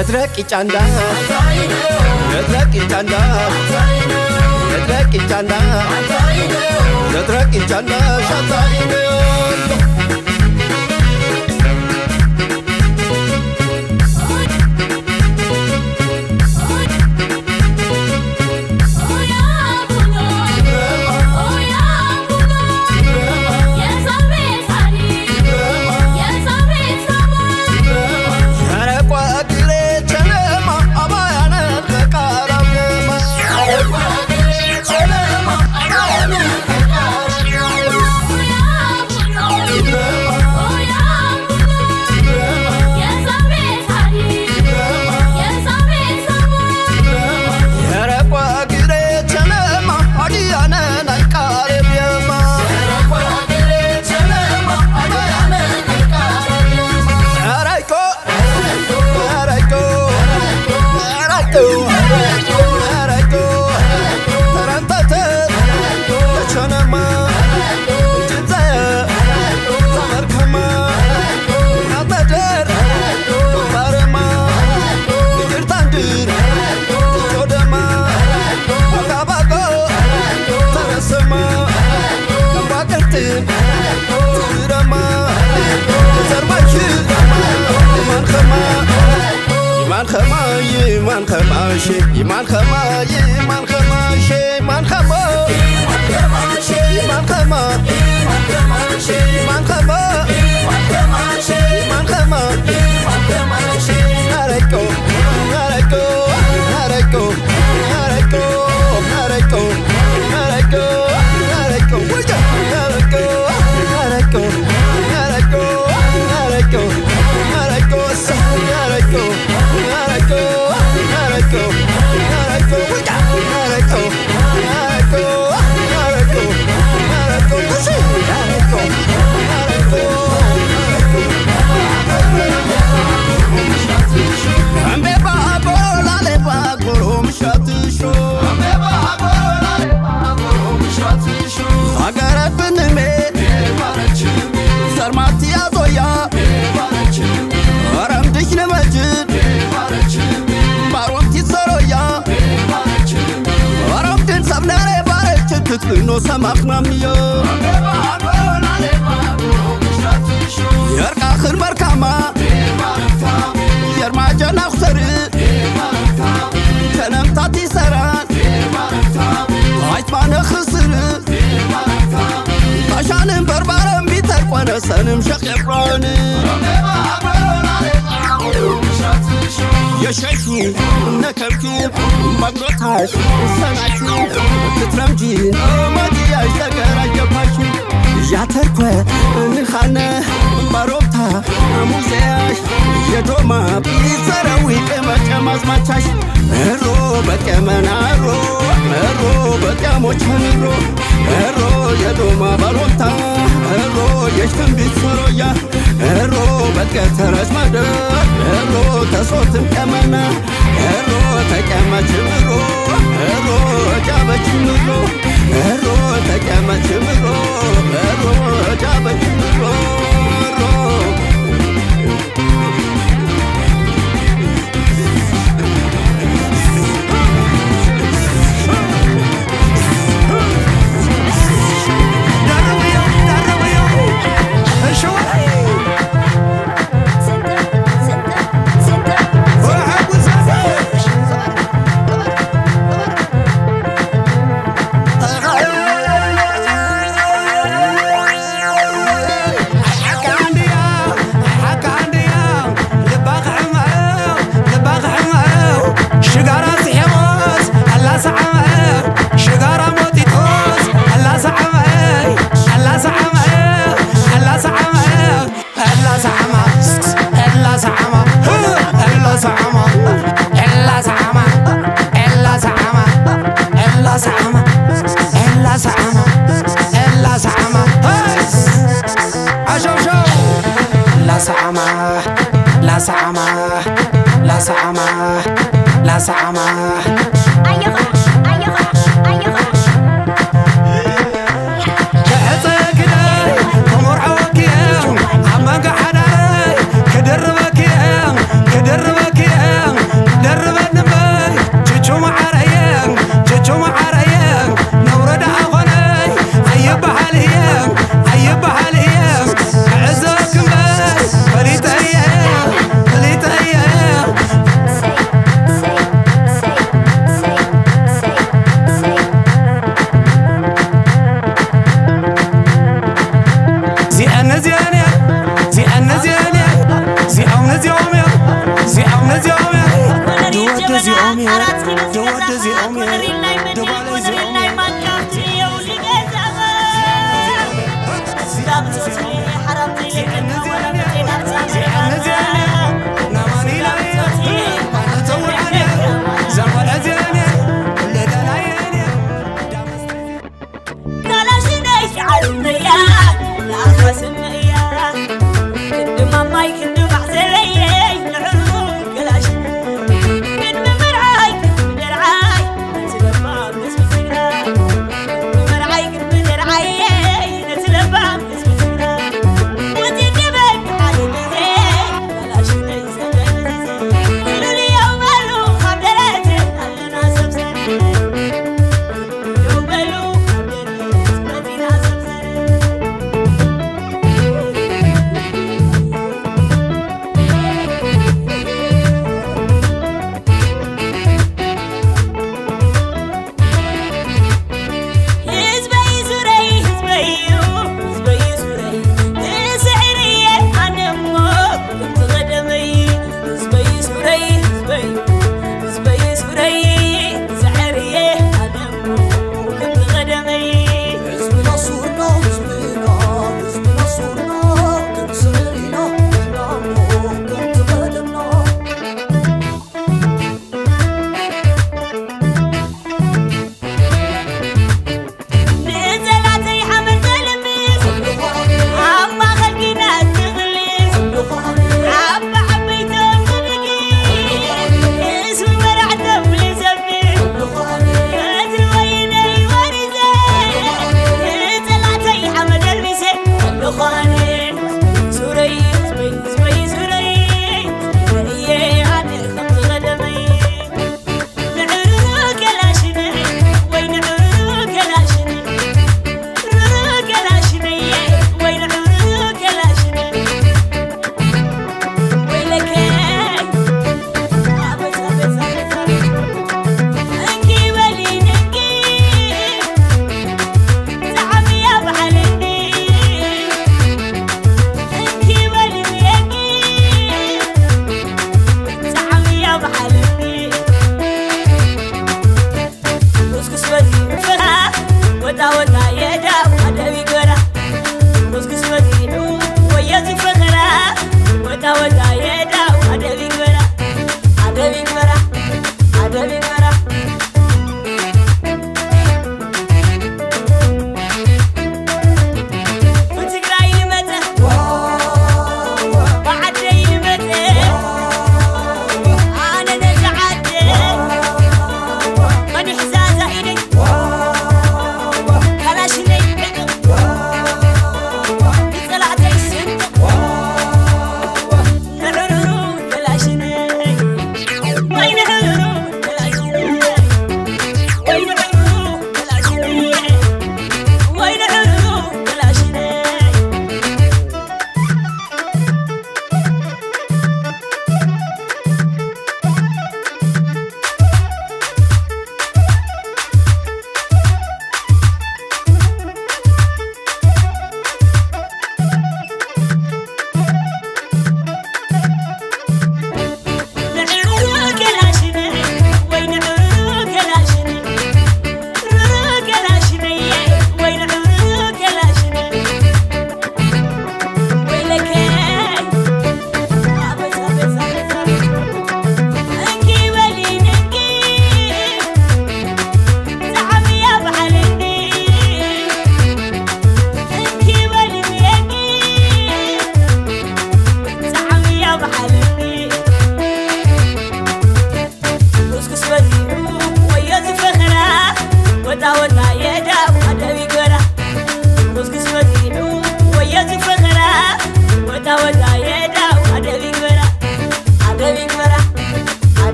መድረቅ ይጫንዳ መድረቅ ይጫንዳ መድረቅ ይጫንዳ መድረቅ ይጫንዳ ሻንታ ከማዬ ማን ከማሼ ማን ከማዬ ማን ከማሼ ማን ከማ ማን ከማ ማን ከማ ማን ከማ አረቆ አረቆ አረቆ አረቆ አረቆ ዶክተር ተለምታት ይሰራል አይትማነ ክስር ጣሻንን በርባረን ቢተር ቆነሰንም ሸቅብሮን ነከብቹ ማግሮታሽ ሰናሹ ትትረምጂ መዲያሽ ተገራጀባሽ Iyatarkwe Nilkhane Barobta Muzeash Yedoma Bizara wike Bakamaz machash Ero bakamanaro Ero bakamoch hamiro Ero yedoma barobta Ero yeshtem bitsuroya Ero bakataraj madar Ero tasotim kamana Ero takama chimiro Ero kaba chimiro Ero takama chimiro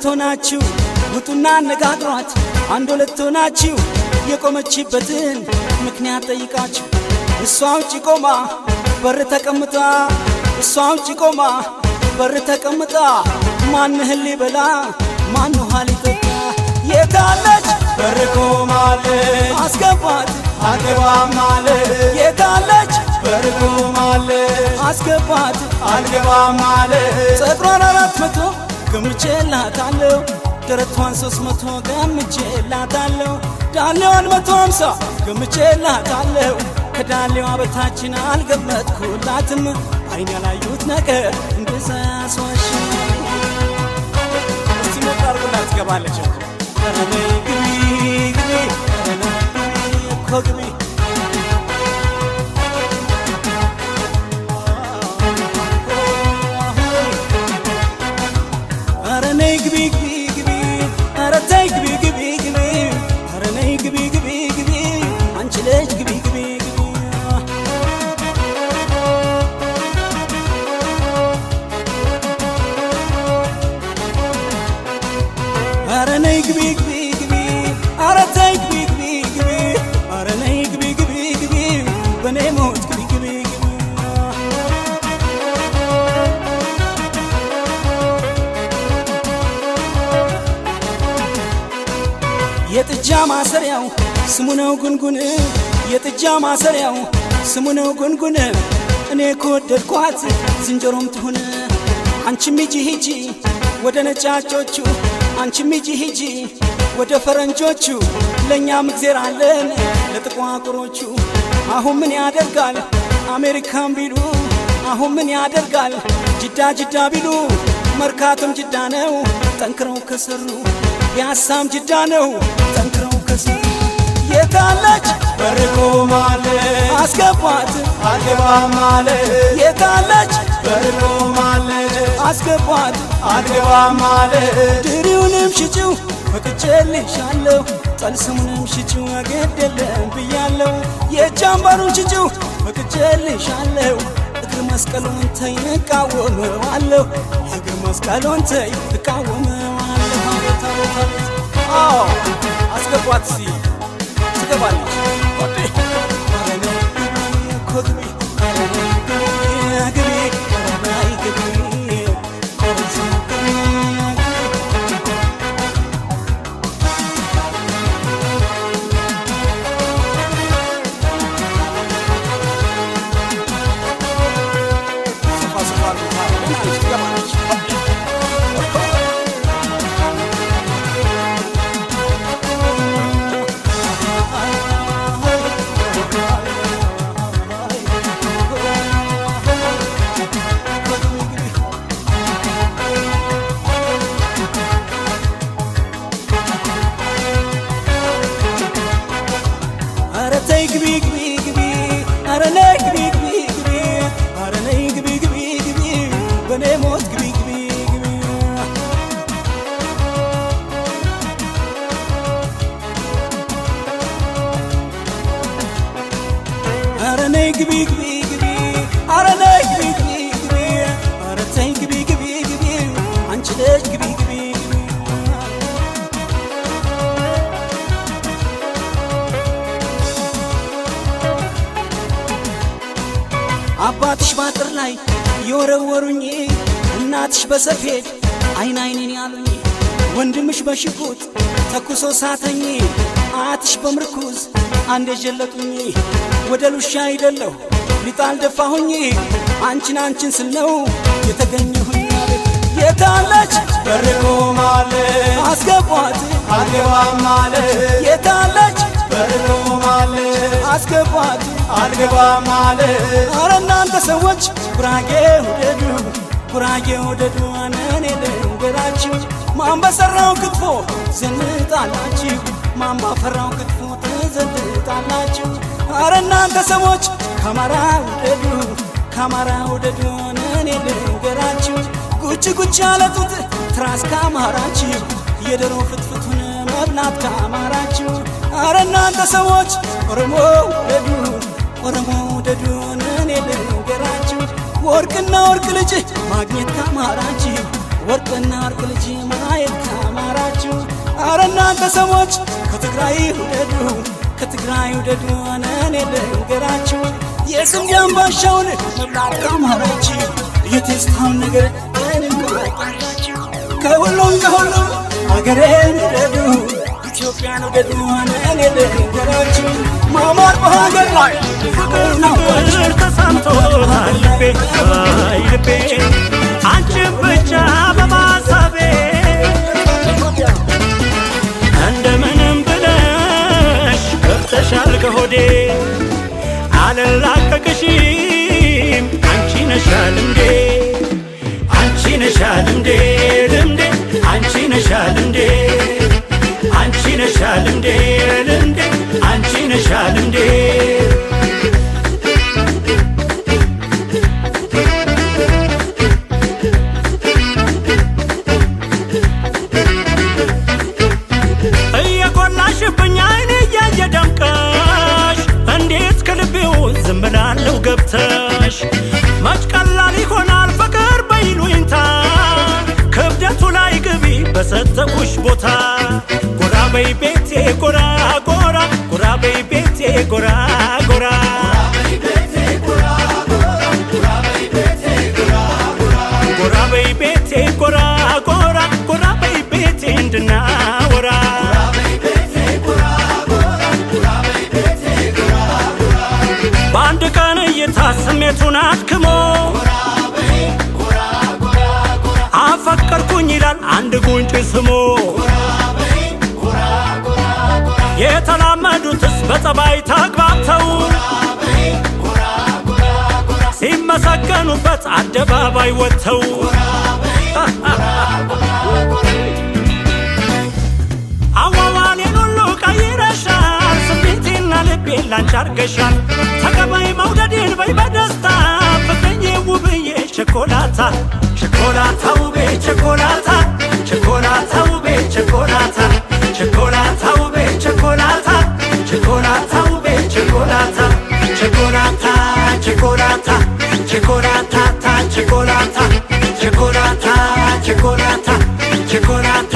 ሁለቶናችሁ ሆናችሁ ውጡና አነጋግሯት። አንድ ሁለቶናችሁ የቆመችበትን ምክንያት ጠይቃችሁ። እሷ ውጭ ቆማ በር ተቀምጣ እሷ ውጭ ቆማ በር ተቀምጣ ማን ህሊ በላ ማን ውሃ ሊጠጣ የታለች በር ቆማለች አስገባት አልገባም አለ የታለች በር ቆማለች አስገባት አልገባም አለ ጸጉሯን አራት መቶ ገምቼላታለሁ ደረቷን ሶስት መቶ ገምቼላታለሁ ዳሌዋን መቶ ሀምሳ ገምቼላታለሁ ከዳሌዋ በታችን አልገመትኩላትም አይን ያላዩት ነገር እንደዛ ያስዋሽ እስቲ ትገባለች ግቢ ግቢ ግቢ ማሰሪያው ስሙ ነው ጉንጉን እኔ ከወደድኳት ዝንጀሮም ትሁን አንቺ ሚጂ ሂጂ ወደ ነጫጮቹ አንቺ ሚጂ ሂጂ ወደ ፈረንጆቹ ለእኛም እግዜር አለን ለጥቋቁሮቹ አሁን ምን ያደርጋል አሜሪካን ቢሉ አሁን ምን ያደርጋል ጅዳ ጅዳ ቢሉ መርካቶም ጅዳ ነው ጠንክረው ከሰሩ የሀሳም ጅዳ ነው ጠንክረው ከሰሩ የታለች በርቁ ማለ አስገቧት አገባ ማለ የታለች በርቁ ማለ አስገቧት አልገባ ማለ ድሪውንም ሽጭው ፈቅቼልሻለሁ ጠልስሙንም ሽጭው ግድ የለም ብያለሁ የጃምባሩን ሽጭው ፈቅቼልሻለሁ እግር መስቀሉን ተይ እቃወመዋለሁ እግር መስቀሉን ተይ እቃወመዋለሁ አስገቧት ሲ দিতে পারি খুদবি ነይ ግቢ ግቢ ግቢ አረ ነይ ግቢ ግቢ ግቢ አረ ተይ ግቢ ግቢ ግቢ አንቺ ግቢ ግቢ አባትሽ ባጥር ላይ የወረወሩኝ እናትሽ በሰፌድ አይን አይኔን ያሉኝ ወንድምሽ በሽጉጥ ተኩሶ ሳተኝ አያትሽ በምርኩዝ አንድ የጀለጡኝ ወደ ሉሻ አይደለሁ ሊጣል ደፋሁኝ አንቺን አንቺን ስለው የተገኘሁኝ አቤት የታለች በርቆ ማለ አስገቧት አልገባም ማለ የታለች በርቆ ማለ አስገቧት አልገባም ማለ አረ እናንተ ሰዎች ጉራጌ ውደዱ ጉራጌ ውደዱ አነኔ ልንገራችሁ ማን በሠራው ክትፎ ዘንጣላችሁ ማን ባፈራው ክትፎ ትሰልጣላችሁ። አረ እናንተ ሰዎች ከአማራ ውደዱ፣ ከአማራ ውደዱን እኔ ልንገራችሁ። ጉች ጉች ያለጡት ትራስ ካማራችሁ፣ የዶሮ ፍትፍቱን መብላት ካማራችሁ። አረ እናንተ ሰዎች ኦሮሞ ውደዱ፣ ኦሮሞ ውደዱን እኔ ልንገራችሁ። ወርቅና ወርቅ ልጅ ማግኘት ካማራችሁ፣ ወርቅና ወርቅ ልጅ ማየት ካማራችሁ። አረ እናንተ ሰዎች ከትግራይ ውደዱ ከትግራይ ውደድ ነን የደንገራችሁ የስንዴ አምባሻውን መብላት አማራችሁ የቴስታውን ነገር እንቆጣላችሁ ከሁሉም ከሁሉም ሀገሬን ውደዱ ኢትዮጵያን ውደዱ ነን የደንገራችሁ ማማር በሀገር ላይ ፍቅር ናቸው ተሳምቶ ልቤ ልቤ ልምዴ አንቺ ነሻ ልምዴ ልምዴ አንቺ ነሻ ልምዴ አንቺ ነሻ ልምዴ ልምዴ አንቺ ነሻ ልምዴ እየቆላሽብኝ አይኔ እያየ ደምቀሽ እንዴት ከልቤው ዝም ብላለሁ ገብተሽ ተኩሽ ቦታ ጎራ በይ ቤቴ ጎራ ጎራ ጎራ በይ ቤቴ ጎራ ጎራ ጎራ በይ ቤቴ ጎራ ጎራ ጎራ በይ ቤቴ እንድናወራ በአንድ ቀን እይታ ስሜቱን አክሞ አድርጉኝ ይላል አንድ ጉንጭ ስሙ የተላመዱትስ በጸባይ ተግባብተው ሲመሰገኑበት አደባባይ ወጥተው አዋዋሌን ሁሉ ቀይረሻል፣ ስሜቴና ልቤን ላንቺ አርገሻል። ተቀበይ መውደዴን በይ በደስታ ፍቅርዬ ውብዬ ሸኮላታ ሸኮላታ ቸኮላታ ቸኮላታ ውቤ ቸኮላታ ቸኮላታ ውቤ ቸኮላታ ቸኮላታ ውቤ ቸኮላታ ቸኮላታ ቸኮላታ ቸኮላታታ ቸኮላታ ቸኮላታ ቸኮላታ ቸኮላታ